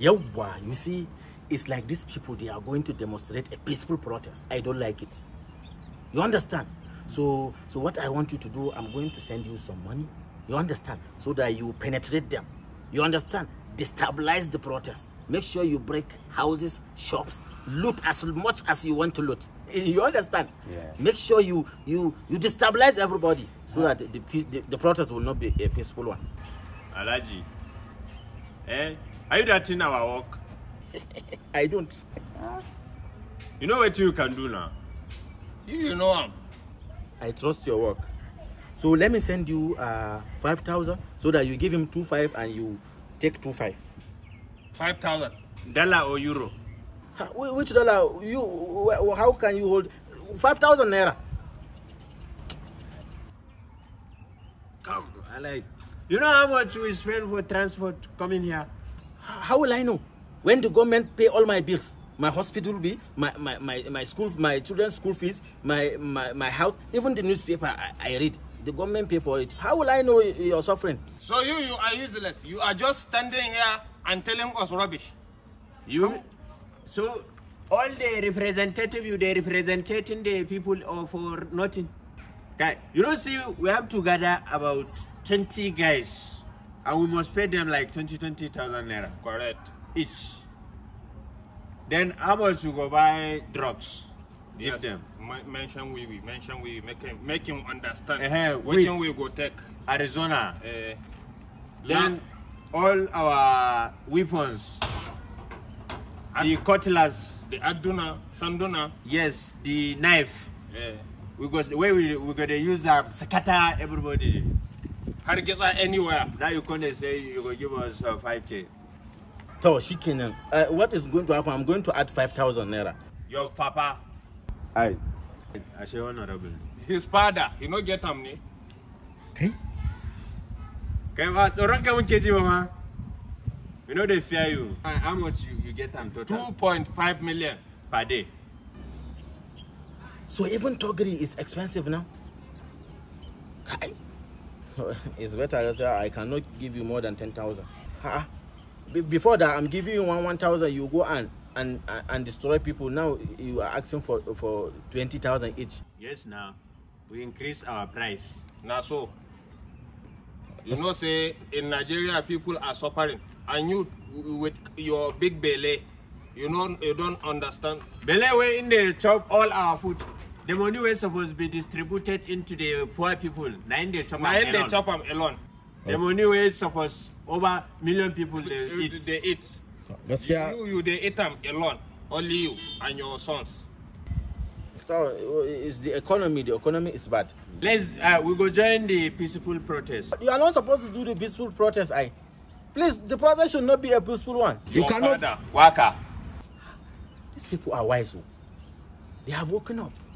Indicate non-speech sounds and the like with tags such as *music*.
Yawwa, you see, it's like these people, they are going to demonstrate a peaceful protest. I don't like it. You understand? So, so what I want you to do, I'm going to send you some money. You understand? So that you penetrate them. You understand? Destabilize the protest. Make sure you break houses, shops, loot as much as you want to loot. *laughs* You understand? Yeah. Make sure you you you destabilize everybody so yeah. that the, the, the protest will not be a peaceful one. Alaji, eh? Are you that in our work? *laughs* I don't. You know what you can do now? You, you know him. I trust your work. So let me send you uh, 5,000 so that you give him five and you take five. 5,000? Dollar or euro? Which dollar? You, how can you hold 5,000 naira? Come, I like. You know how much we spend for transport coming here? How will I know? When the government pay all my bills, my hospital bill, my, my, my, my school, my children's school fees, my, my, my house, even the newspaper I, I read, the government pay for it. How will I know you're suffering? So you, you are useless. You are just standing here and telling us rubbish. You? So all the representative, you they representing the people or uh, for nothing. That, you don't see, we have to gather about 20 guys and we must pay them like 20 20,000 naira correct each then how much you go buy drugs yes. give them mention we we mention we make him make him understand uh -huh. which we go take arizona uh, then all our weapons Ad the cutlass the aduna sanduna yes the knife uh, we go where we we going to use a um, sakata everybody to get that anywhere. Now you come and say you will give us uh, 5k. So, Shikinen, what is going to happen? I'm going to add 5,000 naira. Your papa? I. I say honorable. His father, you know, get him, ne? Okay. Okay, but the rank I'm getting, mama. You know they fear you. How much you, you get them total? 2.5 million per day. So even Togri is expensive now? *laughs* it's better. I cannot give you more than 10,000. Before that, I'm giving you one 1,000. You go and, and, and destroy people. Now you are asking for, for 20,000 each. Yes, now. We increase our price. Now so. You know, say, in Nigeria, people are suffering. And you, with your big belly, you know, you don't understand. Belly, we in the chop all our food the money was supposed to be distributed into the poor people na im chop alone. chop alone. the money was supposed over million people They eat. eat. you you they eat them alone only you and your sons. It's the economy. The economy is bad. Let's uh, we go join the peaceful protest. You are not supposed to do the peaceful protest, I. Please, the protest should not be a peaceful one. Your you cannot. Father, worker. These people are wise. Oh. They have woken up.